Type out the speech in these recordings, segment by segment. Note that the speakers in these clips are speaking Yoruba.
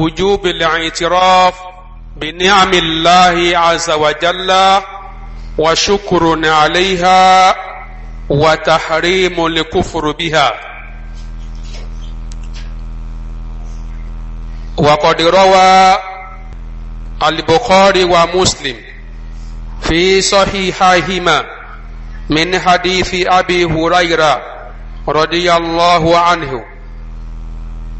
وجوب الاعتراف بنعم الله عز وجل وشكر عليها وتحريم الكفر بها وقد روى البخاري ومسلم في صحيحيهما من حديث ابي هريره رضي الله عنه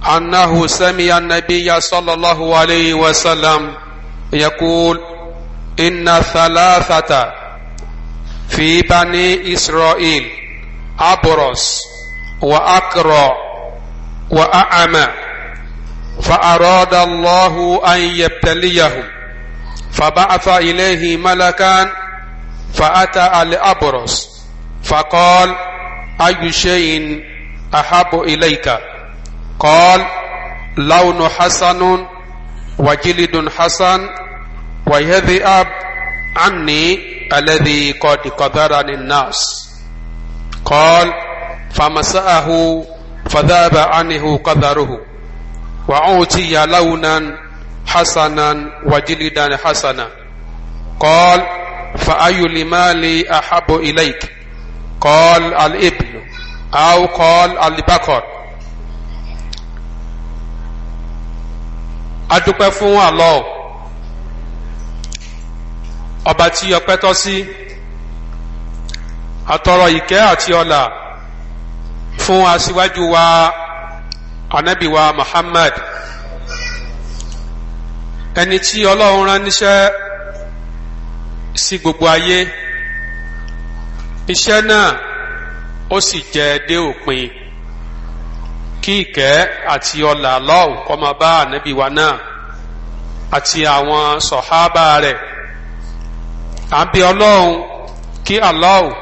أنه سمع النبي صلى الله عليه وسلم يقول إن ثلاثة في بني إسرائيل أبرص وأقرع وأعمى فأراد الله أن يبتليهم فبعث إليه ملكا فأتى الأبرص فقال أي شيء أحب إليك قال لون حسن وجلد حسن ويذئب عني الذي قد قدرني الناس قال فمسأه فذاب عنه قدره وأوتي لونا حسنا وجلدا حسنا قال فأي المال أحب إليك قال الإبن أو قال البقر adúpẹ́ fún Allah ọba tí ọpẹ́ tọ́ sí àtọrọ ìkẹ́ àti ọlà fún aṣíwájú wa anabi wa Muhammad ẹni tí Ọlọ́run rán níṣẹ́ sí gbogbo ayé iṣẹ́ náà ó sì jẹ́ dé òpin kí ìkẹ́ àti ọlà lọ́wọ́ kó máa bá ànábì wa náà àti àwọn sọ̀hábà rẹ̀ à ń bẹ ọlọ́run kí aláwọ̀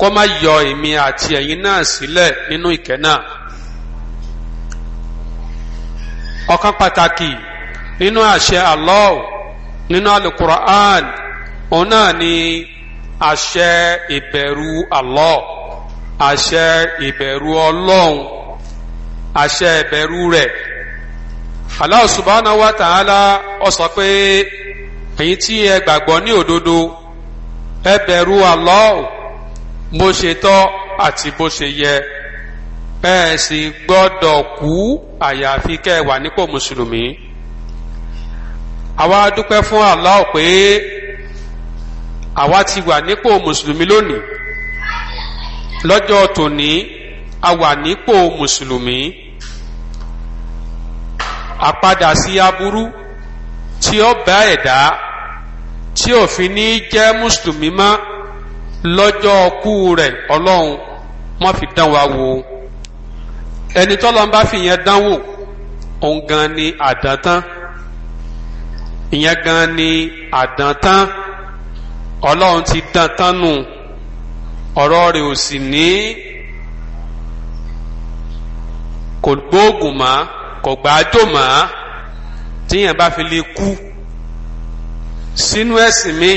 kó má yọ èmi àti ẹ̀yin náà sílẹ̀ nínú ìkẹ́ náà ọ̀kan pàtàkì nínú àṣẹ aláwọ̀ nínú alukur'an òun náà ni àṣẹ ìbẹ̀rù Allah àṣẹ ìbẹ̀rù ọlọ́run àṣẹ ìbẹ̀rù rẹ̀ Allah subhanahu wa ta'ala ó sọ pé èyí tí ẹ gbàgbọ́ ní òdodo ẹ bẹ̀rù Allah bó ṣe tọ́ àti bó ṣe yẹ ẹ sì gbọ́dọ̀ kú àyàfi kẹ́ ẹ wà nípò mùsùlùmí àwa dúpẹ́ fún Allah pé àwa ti wà nípò mùsùlùmí lónìí lọ́jọ́ tòní a wà nípò mùsùlùmí àpadà sí aburú tí ó bá ẹ̀dá tí òfin ní jẹ́ mùsùlùmí mọ́ lọ́jọ́ ọkú rẹ̀ ọlọ́run má fi dán wa wò ẹni tọ́lọ́n bá fi yẹn dán òun gan ni àdántán ìyẹn gan ni àdántán ọlọ́run ti dán nù ọ̀rọ̀ rẹ̀ ò sì ní kò gbóògùn mọ́ kò gbàájò mọ́ tíyẹn bá fi lè kú sínú ẹ̀sìn mi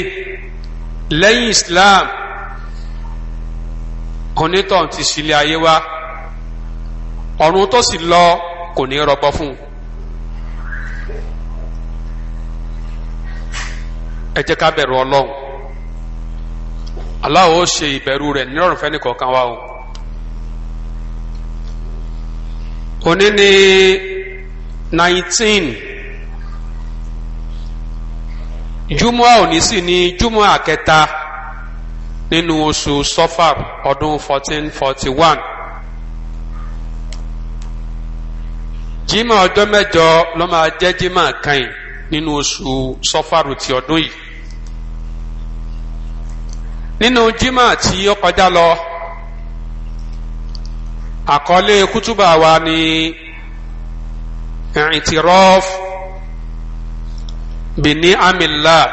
lẹ́yìn Islam onítọ̀hún ti sílé ayé wa ọ̀run tó sì lọ kò ní rọgbọ fún un. ẹ jẹ́ ká bẹ̀rù ọlọ́run Allah ṣe ìbẹ̀rù rẹ̀ nírọ̀rùn fẹ́ni kọ̀ọ̀kan wa o. òní ni nineteen júmọ́ òní sì ni júmọ́ àkẹta nínú oṣù sọfàr ọdún fourteen forty one jimá ọjọ́ mẹ́jọ ló máa jẹ́ jimá kan nínú oṣù sọfàr ti ọdún yìí nínú jimá tí ó kọjá lọ àkọlé kútùbà wa ni i'tiraf bi ni'amillah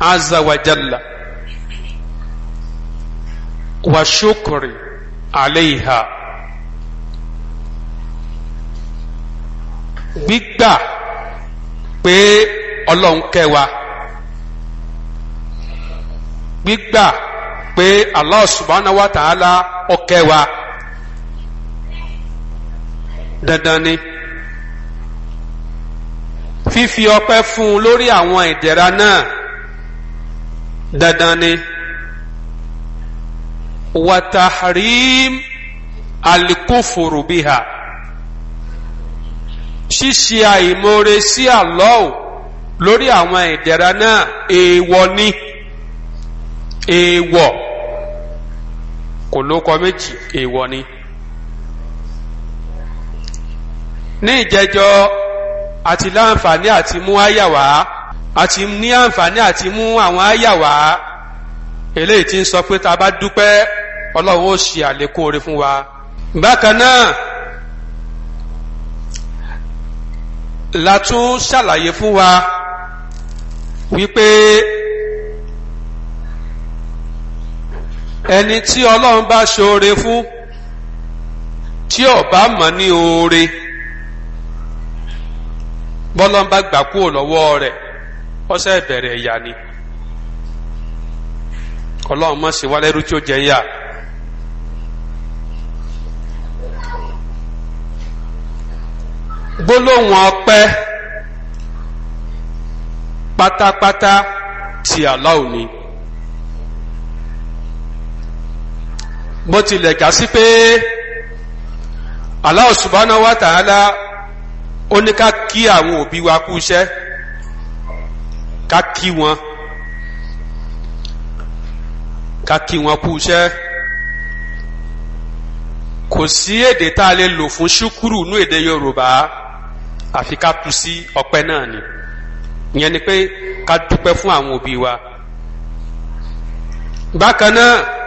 azza wa jalla wa shukri alayha gbígbà pé ọlọ́run wa gbígbà pé Allah subhanahu wa ta'ala ọkẹ́ wa dandan ni fífi ọpẹ́ fún un lórí àwọn ìdẹ̀ra náà dandan ni watahrim alikufuru biha ṣíṣe àìmoore sí Allah lórí àwọn ìdẹ̀ra náà èèwọ̀ ni èèwọ̀ kò lóko méjì èèwọ̀ ni. ní ìjẹjọ àti láǹfààní àti mú àyà wá àti ní àǹfààní àti mú àwọn àyà wá eléyìí tí ń sọ pé tá bá dúpẹ́ ọlọ́run ó ṣe àlékún oore fún wa. bákan náà la tún ṣàlàyé fún wa wípé. ẹni tí ọlọ́run bá ṣoore fún tí ọba mọ̀ ní oore bọ́lọ́n bá gbà kúrò lọ́wọ́ rẹ̀ ọ̀sẹ̀ ìbẹ̀rẹ̀ ìyá ni ọlọ́run mọ̀ sí wálẹ́rú tí ó jẹ yá. gbólóhùn ọpẹ́ pátápátá ti àlọ́ òní. bó tilẹ̀ gà sí pé Allah subhanahu wa ta'ala ó ní ká kí àwọn òbí wa kú iṣẹ́ ká kí wọn ká kí wọn kú iṣẹ́ kò sí èdè tá a lè lò fún ṣúkúrù nú èdè Yorùbá àfi ká tu sí ọpẹ́ náà ni ìyẹn ni pé ká dúpẹ́ fún àwọn òbí wa bákan náà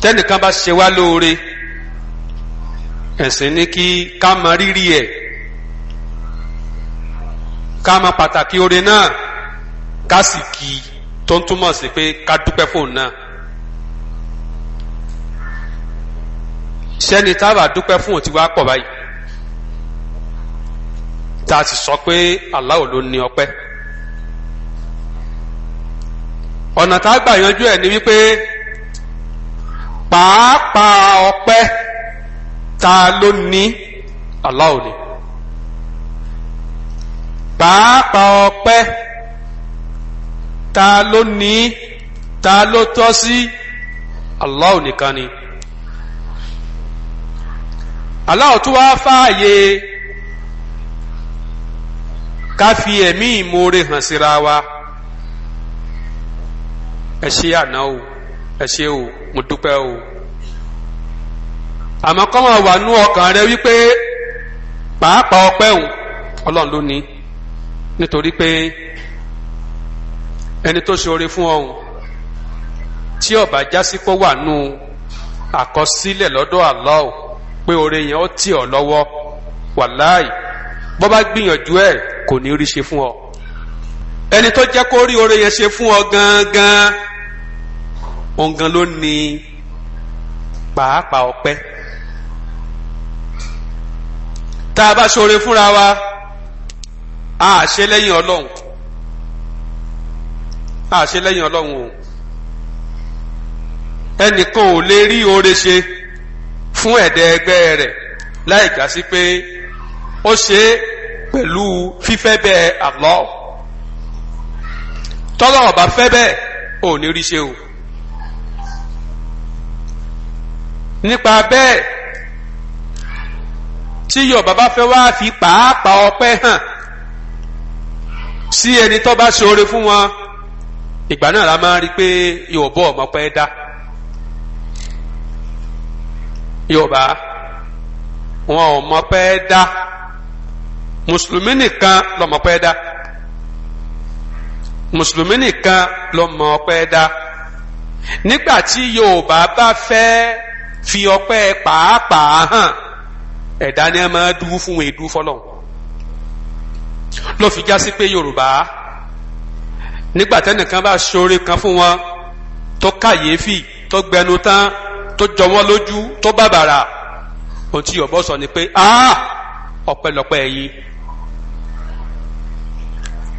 tẹ́nìkan bá ṣe wá lóore ẹ̀sìn ni kí ká mọ rírì ẹ̀ ká mọ pàtàkì oore náà ká sì kí i tó ń túmọ̀ sí pé ká dúpẹ́ fóun náà. sẹ́ni táwa dúpẹ́ fún òun wá pọ̀ báyìí tá a sì sọ pé Allah ló ní ọpẹ́ ọ̀nà tá a gbà yanjú ẹ̀ ni wípé pàápàá ọpẹ́ ta ló ní Allah ni pàápàá ọpẹ́ ta ló ní ta ló tọ́ sí Allah nìkan ni Allah tún wá fààyè ká fi ẹ̀mí ìmoore hàn síra wa ẹ ṣé àná o ẹ ṣé o mo dúpẹ́ o àmọ́ kọ́ máa wà nú ọkàn rẹ wípé pàápàá ọpẹ́ òun ọlọ́run ló ní nítorí pé ẹni tó ṣe oore fún ọ̀hún tí ó bá wà nú àkọsílẹ̀ lọ́dọ̀ Allah pé oore yẹn ó tì ọ́ lọ́wọ́ wàláì bó bá gbìyànjú ẹ̀ kò ní rí ṣe fún ọ ẹni tó jẹ́ kó rí oore yẹn ṣe fún ọ gangan òun gan ló ní pàápàá ọpẹ́. tá a bá ṣoore fúnra wa a ṣe lẹ́yìn ọlọ́run a ṣe lẹ́yìn ọlọ́run o ẹnìkan ò lè rí oore ṣe fún ẹ̀dẹ̀ ẹgbẹ́ rẹ̀ láì gbà sí pé ó ṣe é pẹ̀lú fífẹ́ bẹ́ẹ̀ àlọ́ tọ́lọ́ ọ̀bá fẹ́ bẹ́ẹ̀ ò ní rí ṣe o nípa bẹ́ẹ̀ tí yorùbá bá fẹ́ wá fi pàápàá ọpẹ́ hàn sí ẹni tó bá ṣoore fún wọn ìgbà náà la máa rí i pé yorùbá ọmọ pẹ́ dá yorùbá wọn ò mọ pẹ́ dá mùsùlùmí nìkan lọmọ pẹ́ dá mùsùlùmí nìkan lọmọ pẹ́ dá nígbà tí yorùbá bá fẹ́ fi ọpẹ́ pàápàá hàn ẹ̀dá ni ẹ máa dúró fún wọn èdú fọlọ́ ló fi já sí pé yorùbá nígbà tẹnìkan bá ṣoore kan fún wọn tó kàyéfì tó gbẹnu tán tó jọ wọn lójú tó bàbàrà ohun tí yorùbá sọ ni pé ọpẹ́lọpẹ́ yìí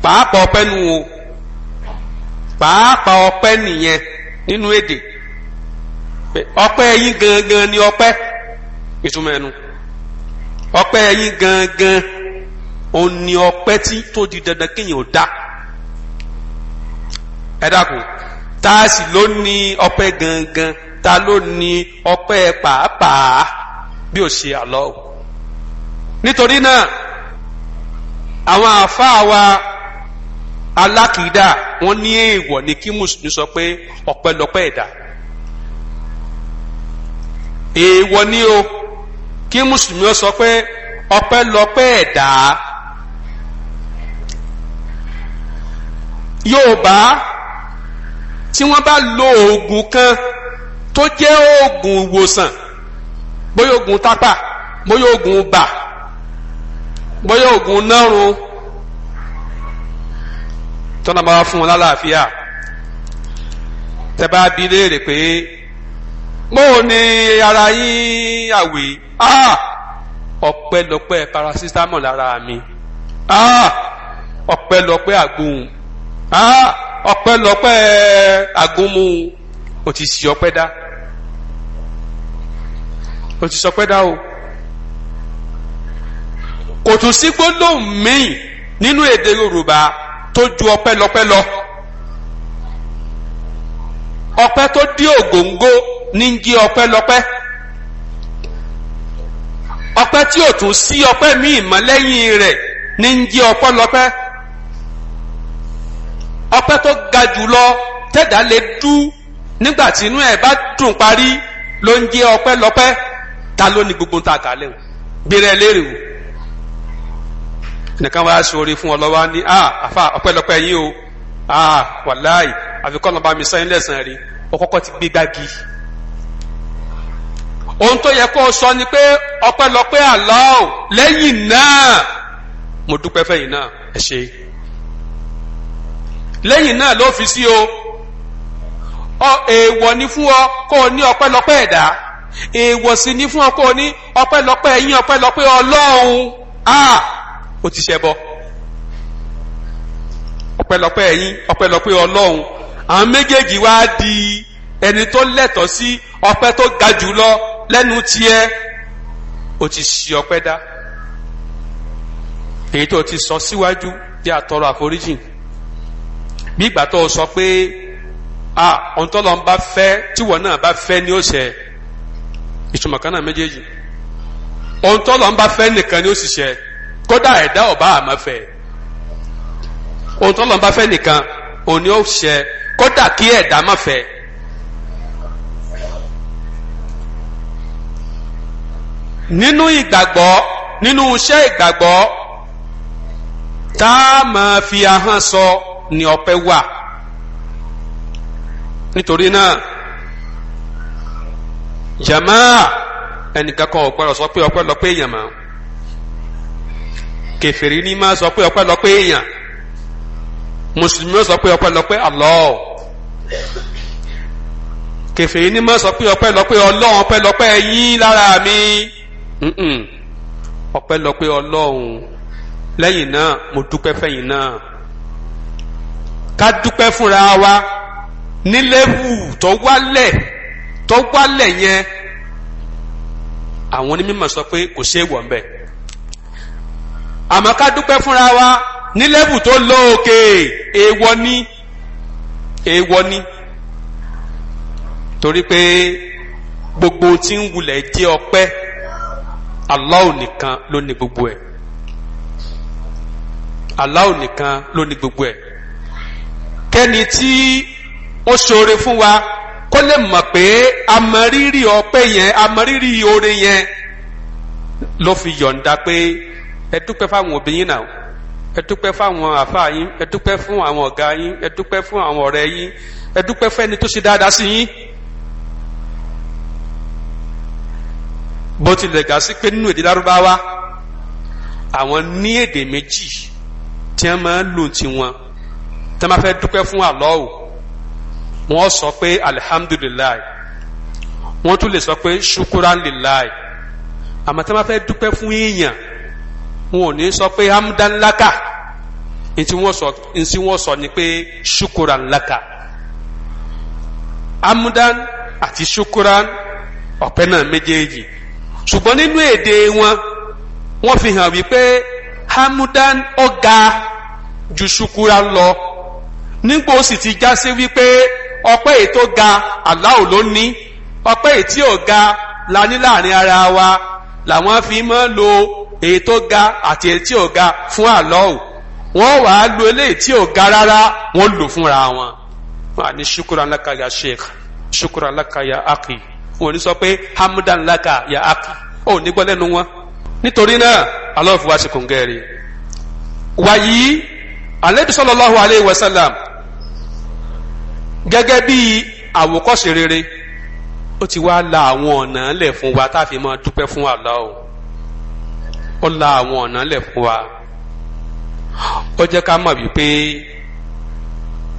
pàápàá ọpẹ́ nu o pàápàá ọpẹ́ nìyẹn nínú èdè ọpẹ́ yìí gangan ni ọpẹ́ ìtumọ̀ ẹnu ọpẹ́ yín gangan òun ni ọpẹ́ tí tó di dandan kéèyàn ò dá ẹ dákun tá a sì ló ní ọpẹ́ gangan ta ló ní ọpẹ́ pàápàá bí ó ṣe àlọ́ nítorí náà àwọn àáfàá wa alákìídà wọ́n ní èèwọ̀ ni kí mùsùlùmí sọ pé ọpẹ́ lọpẹ́ ẹ̀dá ni o kí mùsùlùmí ó sọ pé ọpẹ́ lọpẹ́ ẹ̀dá Yorùbá tí wọ́n bá lo oògùn kan tó jẹ́ oògùn ìwòsàn bóyá oògùn tápà bóyá oògùn bà bóyá oògùn nárun tọ́nà fún wọn lálàáfíà tẹ bá bi léèrè pé mo ní ara yín àwè ah! ọpẹ́lọpẹ́ parasitamọ́ lára mi ah! ọpẹ́lọpẹ́ àgùn ah! ọpẹ́lọpẹ́ àgùnmu o ti sì ọpẹ́ dá o ti sọpẹ́ dá o kò tún sí gbólóhùn míì nínú èdè Yorùbá tó ju ọpẹ́lọpẹ́ lọ ọpẹ́ tó dí ògóńgó ní ń jẹ́ ọpẹ́ lọ́pẹ́ ọpẹ́ tí ò tún sí ọpẹ́ míì mọ́ lẹ́yìn rẹ̀ ní ń jẹ́ ọpẹ́ lọ́pẹ́ ọpẹ́ tó ga jùlọ tẹ̀dá lè dú nígbà tí inú ẹ̀ bá dùn parí ló ń jẹ́ ọpẹ́ lọ́pẹ́ ta ló ní gbogbo ta kàlẹ́ o gbére léèrè o nìkan wàá sori fún ọ lọ́wọ́ ní a ah, àfa ọpẹ́lọpẹ́ yín o a ah, wàláì àfikún ọlọ́ba mi sẹ́yìn lẹ́sàn-án rí ọkọ̀kọ́ ti gbé ohun tó yẹ kó o sọ ni pé ọpẹ́lọpẹ́ Allah o lẹ́yìn náà mo dúpẹ́ fẹ́yìn náà ẹ ṣe lẹ́yìn náà ló fi sí o ọ èèwọ̀ ni fún ọ kó o ní ọpẹ́lọpẹ́ ẹ̀dá èèwọ̀ sì ni fún ọ kó o ní ọpẹ́lọpẹ́ yín ọpẹ́lọpẹ́ Ọlọ́run a o ti ṣẹ bọ ọpẹ́lọpẹ́ yín ọpẹ́lọpẹ́ Ọlọ́run àwọn méjèèjì wá di ẹni tó lẹ́tọ̀ọ́ sí ọpẹ́ tó ga jù lọ lẹ́nu tiẹ̀ o ti si ọpẹ́ dá èyí tó ti sọ síwájú jẹ́ àtọrọ àforíjì bí ìgbà tó sọ pé a ohun tó lọ ń bá fẹ́ tíwọ náà bá fẹ́ ni ó ṣe ìtumọ̀ kan náà méjèèjì ohun tó lọ ń bá fẹ́ nìkan ni ó sì ṣe kódà ẹ̀dá ọ̀bá àmọ́ fẹ́ ohun bá fẹ́ nìkan òun ni kódà kí ẹ̀dá má fẹ́ nínú ìgbàgbọ́ nínú iṣẹ́ ìgbàgbọ́ tá a máa fi ahọ́n sọ ni ọpẹ́ wà nítorí náà jamaa ẹnìkan kan ò gbọ́dọ̀ sọ pé ọpẹ́ lọ pé èèyàn mọ́ kèfèrí ni máa sọ pé ọpẹ́ lọ pé èèyàn mùsùlùmí sọ pé ọpẹ́ lọ pé Allah kèfèrí ni máa sọ pé ọpẹ́ lọ pé Ọlọ́run ọpẹ́ lọ pé ẹ̀yin lára mi ọpẹ́lọpẹ́ Ọlọ́run lẹ́yìn náà mo dúpẹ́ fẹ́yìn náà ká dúpẹ́ fúnra wa ní lẹ́wù tó wálẹ̀ tó wálẹ̀ yẹn àwọn onímọ̀ sọ pé kò sí èèwọ̀ ńbẹ̀ àmọ́ ká dúpẹ́ fúnra wa ní lẹ́wù tó lóòkè èèwọ̀ ni èèwọ̀ ni torí pé gbogbo tí ń wulẹ̀ jẹ́ ọpẹ́ Allahu nìkan ló ní gbogbo ẹ̀ Allahu nìkan ló ní gbogbo ẹ̀ kẹ́ni tí ó ṣoore fún wa kó lè mọ̀ pé amọ̀rírì ọpẹ́ yẹn amọ̀rírì oore yẹn ló fi yọ̀ǹda pé ẹ dúpẹ́ fáwọn òbí yín náà ẹ dúpẹ́ fáwọn àfáà yín ẹ dúpẹ́ fún àwọn ọ̀gá yín ẹ dúpẹ́ fún àwọn ọ̀rẹ́ yín ẹ dúpẹ́ fẹ́ni tó ṣe dáadáa sí yín. bó tilẹ̀ gà sí pé nínú èdè lárúbáwá àwọn ní èdè méjì tí wọ́n máa ń lò tiwọn tí wọ́n máa fẹ́ dúpẹ́ fún Allahu wọ́n sọ pé alihamudulilayi wọ́n tún lè sọ pé ṣukuralilayi àmọ́ tí wọ́n máa fẹ́ dúpẹ́ fún èèyàn wọn ò ní sọ pé hamdanlaka ntí wọ́n sọ ni pé ṣukuranlaka hamdan àti ṣukuran ọ̀pẹ náà méjèèjì ṣùgbọ́n nínú èdè wọn wọ́n fi hàn wípé hamudan ọ̀gá ju ṣukura lọ nígbà ó sì ti já sí wípé ọpẹ́ èyí tó ga aláwo ló ní ọpẹ́ èyí tí ò ga la ní láàrin ara wa làwọn fi máa lo èyí tó ga àti èyí tí ò ga fún aláwo wọ́n wàá lo eléyìí tí ò ga rárá wọ́n lò fúnra wọn. wọ́n á ní ṣukura lákàyà sheikh ṣukura lákàyà akhi òní sọ pé hamdan laka ya ak òní gbọ́ lẹ́nu wọn nítorí náà alọ́ọ̀fù wa ṣe kò ń wàyí alẹ́bí sallallahu alayhi wa sallam gẹ́gẹ́ bí àwòkọ́ṣe rere ó ti wá la àwọn ọ̀nà lẹ̀ fún wa tá a fi máa dúpẹ́ fún Allah ó la àwọn ọ̀nà lẹ̀ fún wa ó jẹ́ ká mọ̀ wípé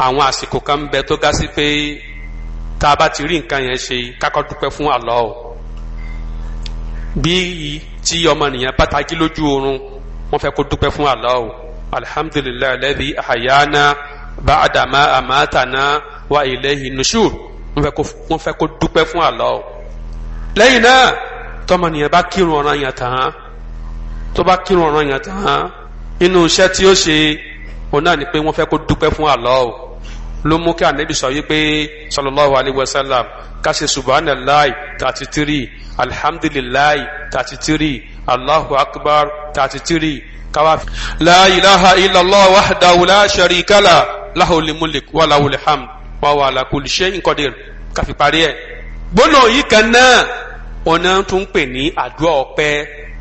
àwọn àsìkò kan ń bẹ tó ga sí pé tá a bá ti rí nǹkan yẹn ṣe kákọ́ dúpẹ́ fún Allah o bí tí ọmọnìyàn bá tají lójú oorun wọ́n fẹ́ kó dúpẹ́ fún Allah o alhamdulilayi alladhi ahayana ba'dama amatana wa ilayhi nushur wọ́n fẹ́ kó dúpẹ́ fún Allah o lẹ́yìn náà tọmọnìyàn bá kírun ọ̀ràn yẹn tán tó bá kírun ọ̀ràn yẹn tán inú iṣẹ́ tí ó ṣe òun náà ni pé wọ́n fẹ́ kó dúpẹ́ fún Allah o ló mú kí anabi sọ yìí pé sallallahu alayhi wa sallam kásì subhanallahi thirty three alhamdulillahi thirty three allahu akbar thirty three káwá. la ilaha illallah wahdahu la sharika la lahul mulk wa lahul hamd wa wa ala kulli shay'in káfi parí ẹ̀. gbọ́dọ̀ yìí kan náà wọn náà tún pè ní àdúrà ọpẹ́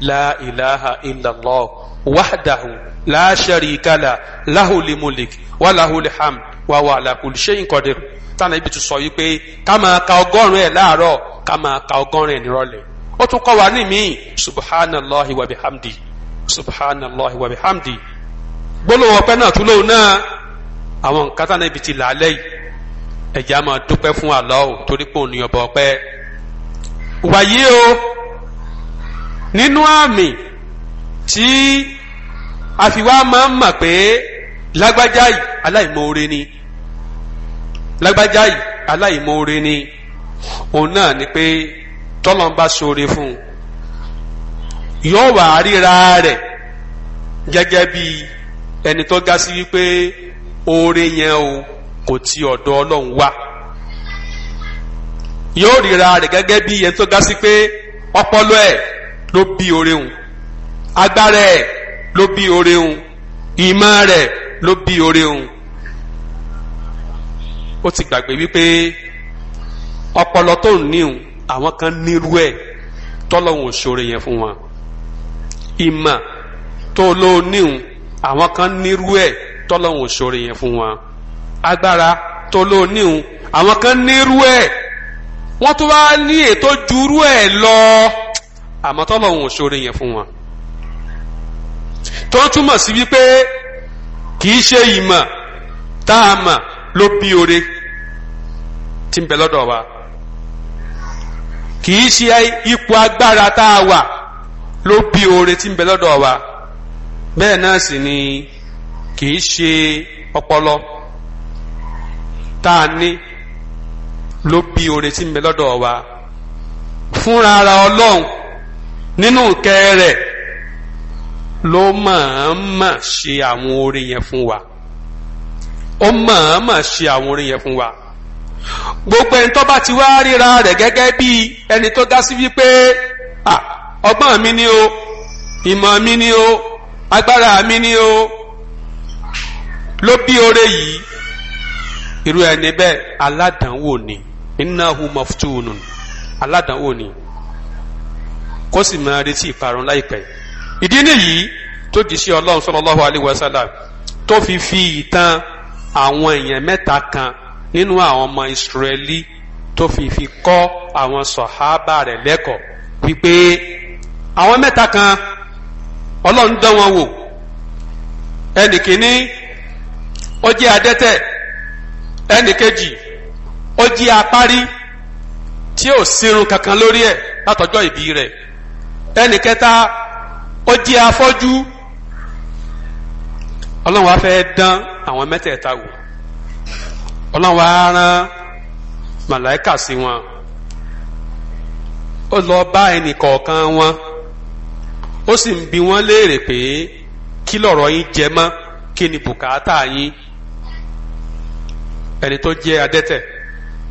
la ilaha illallah wahdahu la sharika la lahul wa lahul hamd wa wà làkùlù ṣéyìn kọ̀dé tánà ibi tún sọ yìí pé ká máa ka ọgọ́rùn ẹ̀ láàárọ̀ ká máa ka ọgọ́rùn ẹ̀ nírọ̀lẹ́ ó tún kọ́ wa ní míì subhanallahi wa bihamdi subhanallahi wa bihamdi gbólóhùn ọpẹ́ náà tún lóhùn náà àwọn nǹkan tánà ibi ti làálẹ̀ yìí ẹ̀jẹ̀ á máa dúpẹ́ fún Allah o torí pé òun yọ̀bọ̀ ọpẹ́ wàyí o nínú àmì tí àfiwá máa ń mọ̀ pé lágbájá aláìmoore ni lágbájá yìí aláìmoore ni òun náà ni pé tọ́lọ́mbà ṣoore fún un yóò wà á ríra rẹ̀ gẹ́gẹ́ bí ẹni tó ga sí wípé oore yẹn o kò ti ọ̀dọ̀ ọlọ́run wá yóò ríra rẹ̀ gẹ́gẹ́ bí ẹni tó ga sí pé ọpọlọ ẹ̀ ló bí oore hùn agbára ẹ̀ ló bí oore hùn ìmọ̀ rẹ̀ ló bí oore hùn ó ti gbàgbé wípé ọpọlọ tó ń níhun àwọn kan nírú ẹ̀ tọ́lọ́hún òṣòro yẹn fún wọn ìmọ̀ tó ló níhun àwọn kan nírú ẹ̀ tọ́lọ́hún òṣòro yẹn fún wọn agbára tó ló níhun àwọn kan nírú ẹ̀ wọ́n tún wá ní ètò jurú ẹ̀ lọ àmọ́ tọ́lọ́hún òṣòro yẹn fún wọn tó túmọ̀ sí wípé kì í ṣe ìmọ̀ tá a mọ̀ ló bí oore tí ń bẹ lọ́dọ̀ wa kì í ṣe ipò agbára tá a wà ló bí oore tí ń bẹ lọ́dọ̀ wa bẹ́ẹ̀ náà sì ni kì í ṣe ọpọlọ tá a ní ló bí oore tí ń bẹ lọ́dọ̀ wa fúnra ara ọlọ́run nínú ìkẹ́ rẹ̀ ló máa ń mà ṣe àwọn oore yẹn fún wa ó mọ̀ọ́mọ̀ ṣe àwọn orin yẹn fún wa gbogbo ẹni tó bá ti wá ríra rẹ̀ gẹ́gẹ́ bí ẹni tó dá sí wípé ọgbọ́n mi ni o ìmọ̀ mi ni o agbára mi ni o ló bí oore yìí irú ẹni bẹ́ẹ̀ aládàánwò ni innahu maftunun aládàánwò ni kó sì máa retí ìparun láìpẹ́ ìdí nìyí tó jì sí ọlọ́run sallallahu alaihi wasallam tó fi fi ìtàn àwọn èèyàn mẹ́ta kan nínú àwọn ọmọ ìsírẹ́lì tó fi fi kọ́ àwọn sọ̀hábà rẹ̀ lẹ́kọ̀ọ́ wípé àwọn mẹ́ta kan ọlọ́run dán wọn wò ẹnì kìíní ó jẹ́ adẹ́tẹ̀ ẹnì kejì ó jẹ́ apárí tí ò sírun kankan lórí ẹ̀ látọjọ́ ìbí rẹ̀ ẹnì kẹta ó jẹ́ afọ́jú ọlọ́run wa fẹ́ dán àwọn mẹ́tẹ̀ẹ̀ta wò ọlọ́run wa rán màláìkà sí wọn ó lọ bá ẹnì kọ̀ọ̀kan wọn ó sì ń bi wọ́n léèrè pé kí lọ̀rọ̀ yín jẹ mọ́ kí ni bùkátà yín ẹni tó jẹ́ adẹ́tẹ̀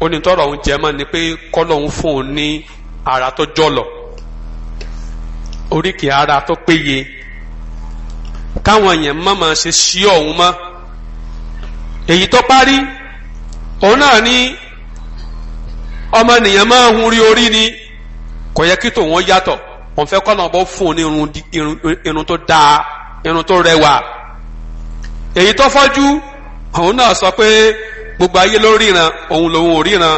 ó tọrọ òun jẹ mọ́ ni pé kọ́lọ́hún fún un ní ara tó jọ̀lọ̀ oríkèé ara tó péye káwọn èèyàn má máa ṣe sí ọ̀hún mọ́ èyí tó parí òun náà ní ọmọnìyàn máa hun rí orí ni kò yẹ kí tòun yàtọ̀ òun fẹ́ kọ́ náà bọ́ fún un ní irun tó dáa irun tó rẹwà èyí tó fọ́jú òun náà sọ pé gbogbo ayé ló ríran òun lòun ò ríran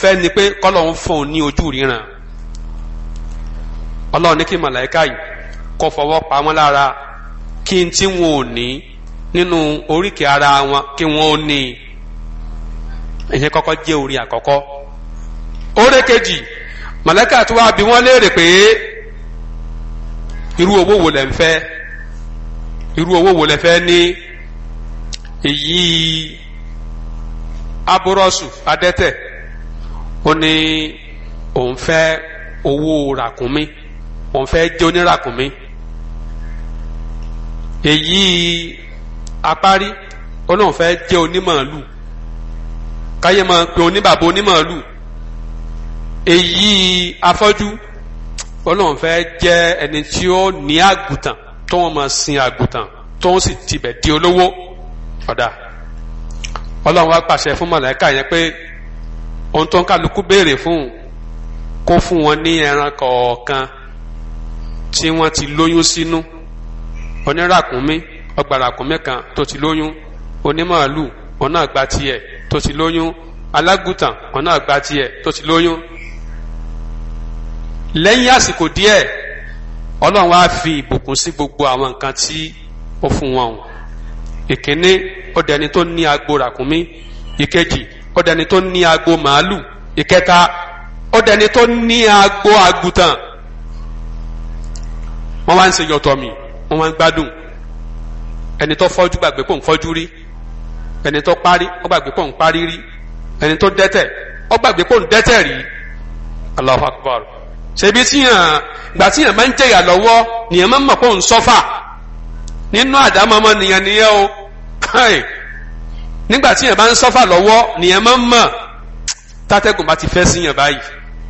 fẹ́ ni pé kọ́lọ́hún fún un ní ojú ríran ọlọ́run ní kí màláìka yìí kó kí n tí wọn ò ní nínú oríkèé ara wọn kí wọn ò ní ìyẹn kọ́kọ́ jẹ́ orí àkọ́kọ́ orí kejì màlẹ́kà tó wá bí wọ́n léèrè pé irú owó wo lẹ́ ń fẹ́ irú owó wo lẹ́ fẹ́ ní èyí aburọ́sù adẹ́tẹ̀ ó ní òun fẹ́ owó ràkúnmí òun fẹ́ jẹ́ oníràkúnmí èyí apárí olóhùn fẹ́ jẹ́ onímọ̀ọ́lù káyé máa pe oníbàbò onímọ̀ọ́lù èyí afọ́jú olóhùn fẹ́ jẹ́ ẹni tí ó ní àgùntàn tó wọn máa sin àgùntàn tó ń sì tibẹ̀ di olówó ọ̀dà ọlọ́run wá pàṣẹ fún màláíkà yẹn pé ohun tó ń kálukú béèrè fún kó fún wọn ní ẹran kọ̀ọ̀kan tí wọ́n ti lóyún sínú. Si oníràkúnmí ọgbàràkúnmí kan tó ti lóyún onímàálù ọ̀nà àgbà tiẹ̀ tó ti lóyún alágùtàn ọ̀nà àgbà tiẹ̀ tó ti lóyún. lẹ́yìn àsìkò díẹ̀ ọlọ́run á fi ìbùkún sí gbogbo àwọn nǹkan tí ó fún wọn o ìkíní ó dẹni tó ní agbo ràkúnmí ìkejì ó tó ní agbo màálù ìkẹta ó tó ní agbo àgùtàn wọ́n wá ń ṣe yọ̀tọ̀ mi wọ́n máa ń gbádùn ẹni tó fọ́jú gbàgbé pò ń fọ́jú rí ẹni tó parí ó gbàgbé pò ń parí rí ẹni tó dẹ́tẹ̀ ó gbàgbé pò ń dẹ́tẹ̀ rí Allahu Akbar ṣebí tíyàn gbà tíyàn máa ń jẹyà lọ́wọ́ nìyẹn máa ń mọ̀ pò ń sọ́fà nínú àdámọ́mọ́ nìyẹn nìyẹn o káì nígbà tíyàn bá ń sọ́fà lọ́wọ́ nìyẹn máa ń mọ̀ tátẹ́gùn bá ti fẹ́ síyàn báyìí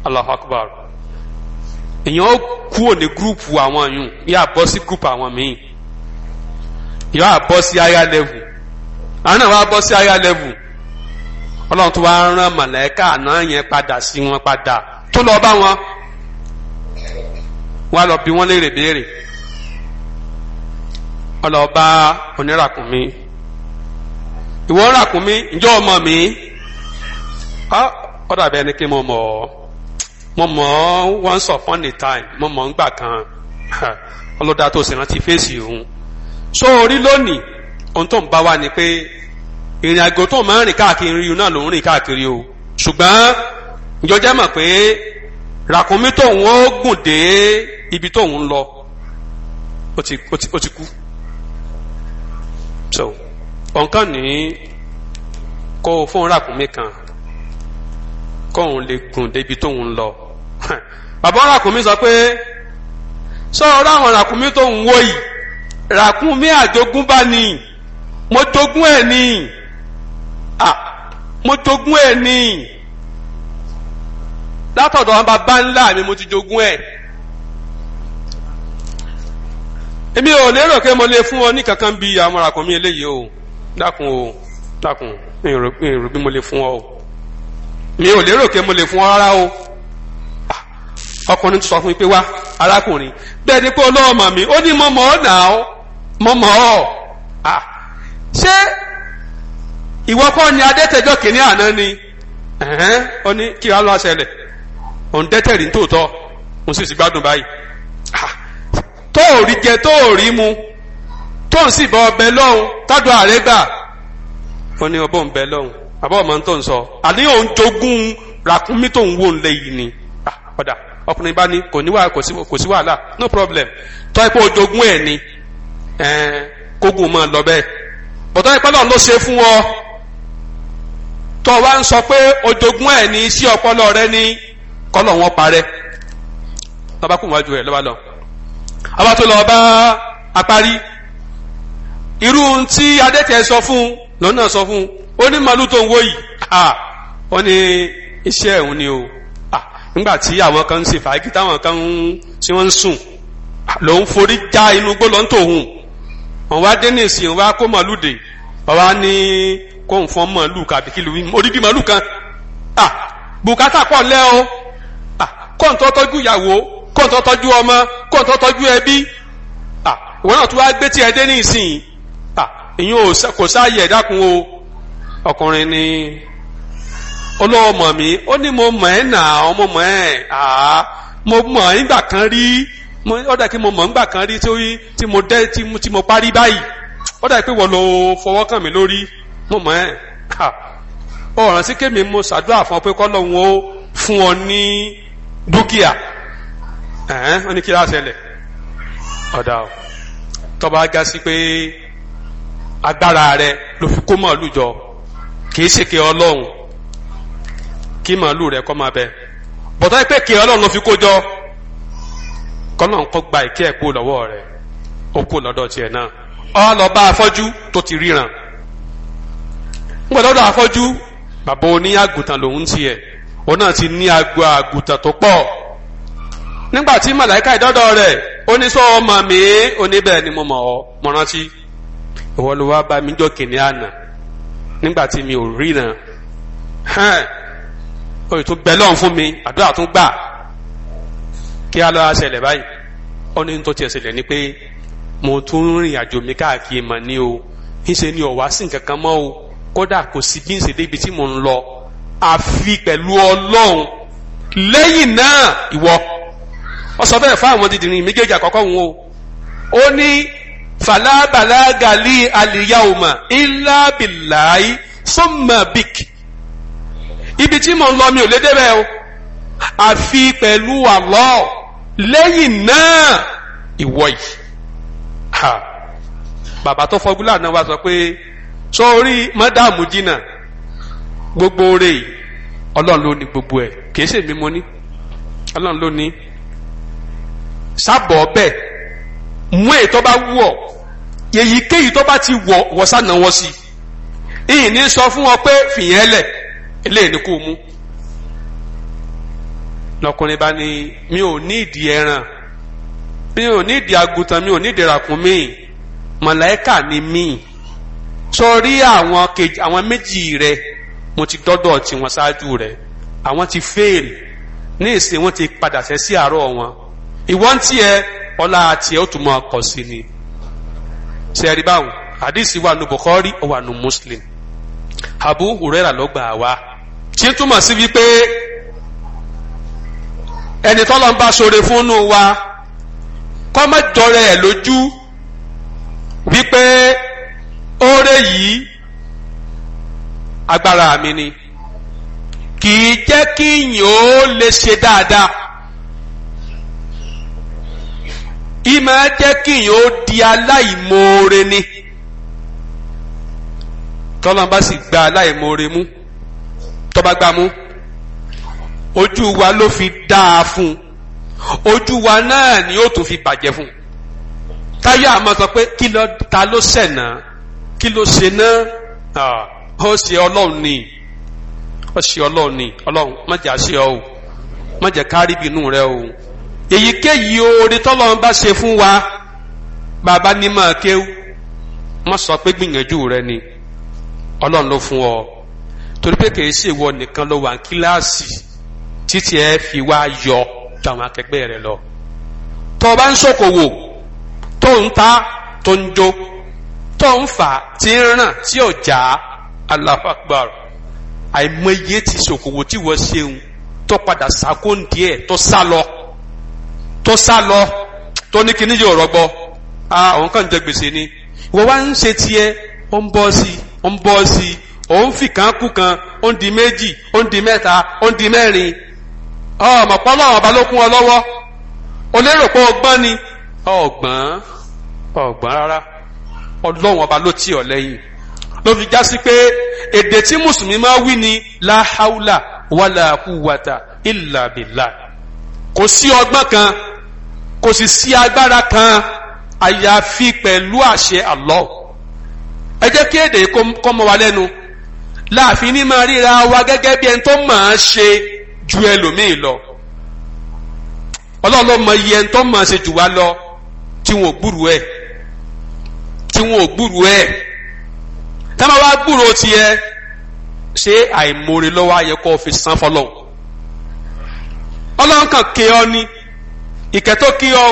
Allahu Akbar èèyàn ó kúrò ní gúrùpù àwọn yìí yóò bọ́ sí gúrùpù àwọn míì yóò bọ́ sí higher level àwọn náà wá bọ́ sí higher level ọlọ́run tó wá rán mọ̀lẹ́kà náà yẹn padà sí wọn padà tó lọ bá wọn wá lọ bí wọ́n léèrè béèrè ọlọ́ba oníràkùnmí ìwọ ràkùnmí ǹjọ́ ọmọ mi ọ̀dà bẹ́ẹ̀ ni kí mo mọ̀ ọ́ mo mọ̀ once upon a time mo mọ̀ ọ́ ngbà kan ọlọ́dà tó sì rántí fèsì òun so orí lónìí ohun tó ń bá wa ni pé ìrìn àjò tó máa ń rìn káàkiri náà ló ń rìn káàkiri o ṣùgbọ́n ìjọjá mọ̀ pé ràkúnmí tóun ó gùn dé ibi tóun lọ ó ti kú so ọ̀nkàn ní kó o fún ràkúnmí kan kóun lè gùn débi tóun lọ. bàbá ràkúnmí sọ pé sọ̀rọ̀ ráwọn ràkúnmí tó ń wò yìí ràkúnmí àjogúnbá ni mo jogún ẹ̀ ni ah mo jogún ẹ̀ ni látọ̀dọ̀ àwọn bàbá ńlá mi mo ti jogún ẹ̀ èmi ò lérò pé mo lè fún ọ ní kankan bí àwọn ràkúnmí eléyìí o dákun o dákun mi ò rò pé mo lè fún ọ o mi ò lérò pé mo lè fún ọ rárá o. ọkùnrin sọ fún mi pé arákùnrin bẹ́ẹ̀ pé ọlọ́ọ̀mọ̀ mi ó ní mo mọ̀ ọ́ nà ọ́ mo mọ̀ ọ́ à ṣé ìwọ kọ́ ni adẹ́tẹ̀jọ́ kìíní àná ni ó ní kí wàá lọ àṣẹlẹ̀ òun dẹ́tẹ̀ rí tòótọ́ òun sì sì gbádùn báyìí tó ò rí jẹ tó ò rí mu tó ń sì bọ ọbẹ̀ lọ́hùn tádùn ààrẹ gbà ó ní ọbọ̀ ń bẹ lọ́hùn àbọ̀ ọmọ tó ń sọ àní òun jogún ràkúnmí tó ń wò ń lẹ́yìn ni ọ̀dà. Ah, ọkùnrin bá ní kò ní wà kò sí wàhálà no problem tọ́ ẹ pé ojogún ẹ̀ ni eh, kógun mọ́ lọ bẹ́ẹ̀ bọ̀tọ́ ẹ pé Ọlọ́run ló ṣe fún ọ tọ́ wa ń sọ pé ojogún ẹ̀ ni sí ọpọlọ rẹ ní kọ́lọ̀ wọn parẹ́ lọ́ba kùn wájú ẹ̀ lọ́ba lọ. àwa tó lọ bá apárí irú tí adẹ́tẹ̀ sọ fún un lọ́nà sọ fún un tó ń wó yìí ó ní iṣẹ́ òun ni o nígbà tí àwọn kan ń ṣe fàájì táwọn kan ń tí wọ́n ń sùn lòun forí já inú gbó lọ́n tòun wọn wá dé ní ìsìn wá kó màálù wọn wá ní kóun fún màálù kàbí kí lóyún odidi màálù kan ah bùkátà pọ̀ lẹ́ o ah kóńtọ́ tọ́jú ìyàwó kóńtọ́ tọ́jú ọmọ kóńtọ́ tọ́jú ẹbí ah ìwọ náà tún wá gbé tí ẹ dé ní ìsìn ah ìyún kò sáàyè ẹ̀dákun o ọkùnrin ni. olówó mọ̀ ó ní mo mọ̀ ẹ́ nà ọ́ mọ̀ ẹ́ à mo mọ̀ ẹ́ nígbà kan rí ó dà kí mo mọ̀ kan rí tí mo dẹ́ tí mo parí báyìí ó dà pé wọ́n lórí mo mọ̀ ẹ́ ọ̀ràn sí kémi mo ṣàdúrà fún ọ pé kọ́ ọ ní dúkìá ó ní kí ọ̀dà tọ́ba rẹ ló fi kó mọ́ ọ lùjọ kì í kí màálù rẹ̀ kọ́ máa bẹ bọ̀tá pé kí ọlọ́run ló fi kó jọ kọ́nà ń kọ́ gba ìkẹ́ ẹ̀ kó lọ́wọ́ rẹ̀ ó kó lọ́dọ̀ tiẹ̀ náà ọ lọ bá afọ́jú tó ti ríran ń gbọ́dọ̀ ọdọ afọ́jú bàbá oní àgùntàn lòun yẹ òun náà ti ní agbo àgùntàn tó pọ̀ nígbà tí màláìka ìdọ́dọ̀ rẹ̀ ó ní sọ ọmọ mi ó ní bẹ́ẹ̀ ni mo mọ̀ ọ́ mo rántí ìwọ ló wá bá mi jọ kìnìún àná nígbà tí mi ò ríran oyè tó bẹ lọ́hùn fún mi àdúrà tó gbà kí á lọ́ra ṣẹlẹ̀ báyìí ó ní tó tiẹ̀ ṣẹlẹ̀ ni pé mo tún ń rìn àjò mi káàkiri mà ní o ńṣe ni ọ̀wá sí nǹkan mọ́ o kódà kò sí bí ń ṣe débi tí mo ń lọ àfi pẹ̀lú ọlọ́run lẹ́yìn náà ìwọ ọ sọ bẹ́ẹ̀ fún àwọn dídìrín méjèèjì àkọ́kọ́ wọn o ó ní falabalagali aliyauma ilabilayi sọmabiki ibi tí mò ń lọ mi ò lè débẹ̀ o àfi pẹ̀lú Allah lẹ́yìn náà ìwọ yìí ha bàbá tó fọgúlà náà wá sọ pé sọ́ọ́rí mọ́dàmú jìnnà gbogbo rẹ̀ ọlọ́run ló ní gbogbo ẹ̀ kìí ṣèmi mo ní ọlọ́run ló ní sábọ̀ ọbẹ̀ mú èyí bá wù ọ́ èyíkéyìí tó bá ti wọ̀ wọ́sánà wọ́ sí i ìyìn sọ fún ọ pé fìyẹn lẹ̀ eléyìí ni kò mú lọkùnrin bá ní mi ò ní ìdí ẹran mi ò ní ìdí àgùntàn mi ò ní ìdí ràkúnmí màláíkà ni mi, sọrí àwọn kejì àwọn méjì rẹ mo ti dọ́dọ̀ tiwọn ṣáájú rẹ àwọn ti fail ní ìsìn wọn ti padà sẹ́ sí àárọ̀ wọn ìwọ ń tiẹ̀ ọlá tiẹ̀ ó tún mọ ọkọ̀ sí ni sẹ́ẹ̀rí báwọn àdìsí wà nù Bukhari ó wà nù Muslim Abu Hurairah ló gbà wá tí túmọ̀ sí wípé ẹni tọ́lọ́ ń bá ṣoore fún nù wa kọ́ má jọrẹ ẹ̀ lójú wípé oore yìí agbára mi ni kì í jẹ́ kí yìnyín ó lè ṣe dáadáa ìmọ̀ ẹ jẹ́ kí yìnyín ó di aláìmoore ni tọ́lọ́ ń bá sì gba aláìmoore mú tọ́ba gbámú ojú wa ló fi dáa fún un ojú wa náà ni ó tún fi bàjẹ́ fún un táyà àmọ́ sọ pé kí ló ta ló ṣẹ̀ kí ló ṣe náà ah, ó ṣe ọlọ́run ni ó ṣe ọlọ́run ni ọlọ́run má jẹ́ àṣẹ ọ o má jẹ́ kárí bínú rẹ o èyíkéyìí oore tọ́lọ́run bá ṣe fún wa bàbá ní máa kéwú má sọ pé gbìyànjú rẹ ni ọlọ́run ló fún ọ torí pé kìí ṣe ìwọ nìkan ló wà ní kíláàsì títí ẹ fi wá yọ ju àwọn akẹgbẹ́ rẹ lọ tó o bá ń ṣòkòwò tó ń ta tó ń jó tó ń fà tí ń ràn tí ò já Allahu àìmọye ti ṣòkòwò tí wọ́n ṣeun tó padà ṣàkóńdì tó sá lọ tó sá lọ tó ní kíní yóò rọgbọ ah, àwọn kan jẹ gbèsè ni ìwọ wá ń ṣe tiẹ̀ ó ń bọ́ sí ó ń bọ́ sí òun fi kan kú kan ó ń di méjì ó ń di mẹ́ta ó ń di mẹ́rin ọmọ pọ́n lọ́wọ́ ọba ló kún ọ lọ́wọ́ o lérò pé ọgbọ́n ni ọgbọ́n ọgbọ́n rárá ọlọ́wọ́n ọba ló tì ọ lẹ́yìn ló fi já sí pé èdè tí mùsùlùmí máa wí ni láháúlà wàlà kúwàtà ìlàbìlà kò sí ọgbọ́n kan kò sì sí agbára kan àyàfi pẹ̀lú àṣẹ Allah ẹ jẹ́ kí èdè kọ́ mọ́ wa lẹ́nu láàfin ní máa ríra wa gẹ́gẹ́ bí ẹni tó máa ṣe ju ẹlòmíì lọ ọlọ́run ló mọ iye ẹni tó máa ṣe jù wá lọ tí wọn ò gbúrú ẹ̀ tí wọn ò gbúrú ẹ̀ tá máa wá gbúrò tiẹ̀ ṣé àìmoore lọ́wọ́ ayẹ kó o fi san fọlọ́n ọlọ́run kan ké ọ ní ìkẹ́tọ́ kí ọ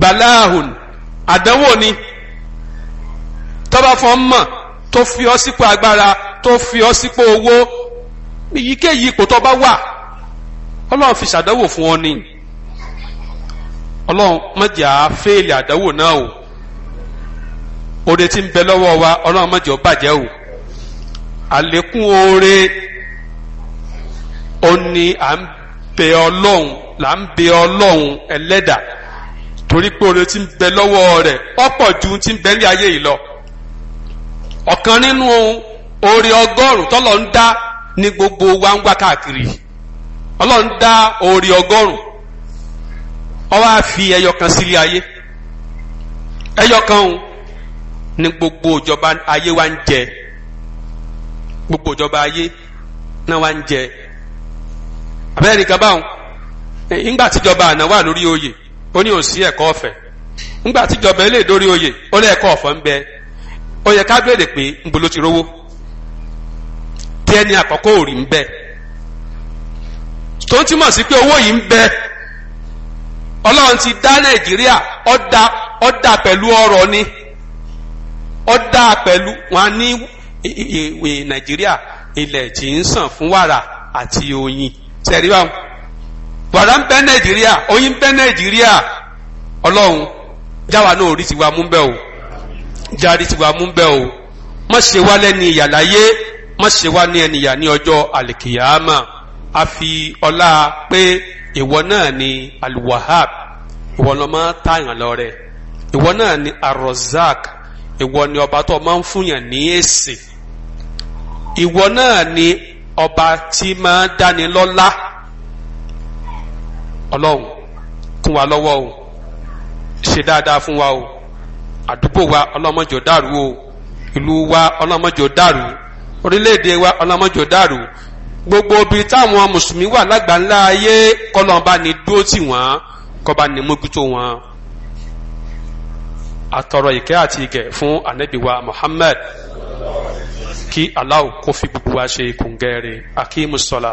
bàláhùn àdánwò ni tọ́ba fọ́n mọ̀ tó fi ọ sípò agbára tó fi ọ sípò owó èyíkéyìí ipò tó bá wà ọlọ́run fi ṣàdánwò fún ọ ni ọlọ́run mọ̀jà fẹ́ẹ̀lì àdánwò náà o oore tí ń bẹ lọ́wọ́ wa ọlọ́run mọ̀jà ó bàjẹ́ o àlékún oore ó ní à ń bẹ ọlọ́run là ń bẹ ọlọ́run ẹlẹ́dà torí pé oore tí ń bẹ lọ́wọ́ rẹ̀ ọ̀pọ̀ ju ti ń bẹ ní ayé yìí lọ. ọ̀kan nínú oore ọgọ́rùn tọ́lọ̀ ń dá ní gbogbo wa ń wá káàkiri ọlọ́run dá oore ọgọ́rùn ó wá fi ẹyọkan sílé ayé ẹyọkan o ní gbogbo ìjọba ayé wa ń jẹ gbogbo ìjọba ayé náà wa ń jẹ abẹ́rẹ́ nìkan báwọn ńgbà tíjọba àná wà lórí oyè ó ní òsí ẹ̀kọ́ ọ̀fẹ́ ńgbà tíjọba eléèdórí oyè ó lẹ́ẹ̀kọ́ ọ̀fọ̀ ń bẹ ó yẹ ká béèrè pé ńbo ló ti rówó tí ẹni àkọ́kọ́ ò rí ń bẹ tó ń túmọ̀ sí pé owó yìí ń ọlọ́run ti dá nàìjíríà ọ̀dà ọ̀dà pẹ̀lú ni ọ̀dà pẹ̀lú wọn ní ìwé nàìjíríà ilẹ̀ tí ń sàn fún wàrà àti oyin sẹ́rí báwọn wàrà ń bẹ nàìjíríà oyin ń bẹ nàìjíríà ọlọ́run jáwa náà orí ti wa mú o. jáde ti wà mú bẹ́ẹ̀ o má ṣe wá lẹ́ni ìyà láyé má ṣe wá ní ẹnìyà ní ọjọ́ àlìkìyàmà a fi ọlá pé ìwọ náà ni alwahab ìwọ ló máa tààyàn lọ́rẹ ìwọ náà ni arozak ìwọ ni ọba tó máa ń fúnyàn ní èsì ìwọ náà ni ọba tí máa dáni lọ́lá ọlọ́run kún wa lọ́wọ́ o ṣe dáadáa fún wa o àdúgbò wa ọlọ́mọjọ dàrú o ìlú wa ọlọ́mọjọ dàrú orílẹ̀-èdè wa ọlọ́mọjọ dàrú gbogbo ibi táwọn mùsùlùmí wà lágbàńlá ayé kọlọ́ọ̀bá ni dúró tì wọ́n kọba ni mójútó wọn. atọrọ ìkẹ́ àti ìgẹ̀ fún anabi wa Muhammad kí Allah kó fi gbogbo wa ṣe kùngẹ́rẹ́ akímùsọ̀lá.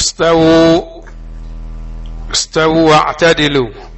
استووا استووا واعتدلوا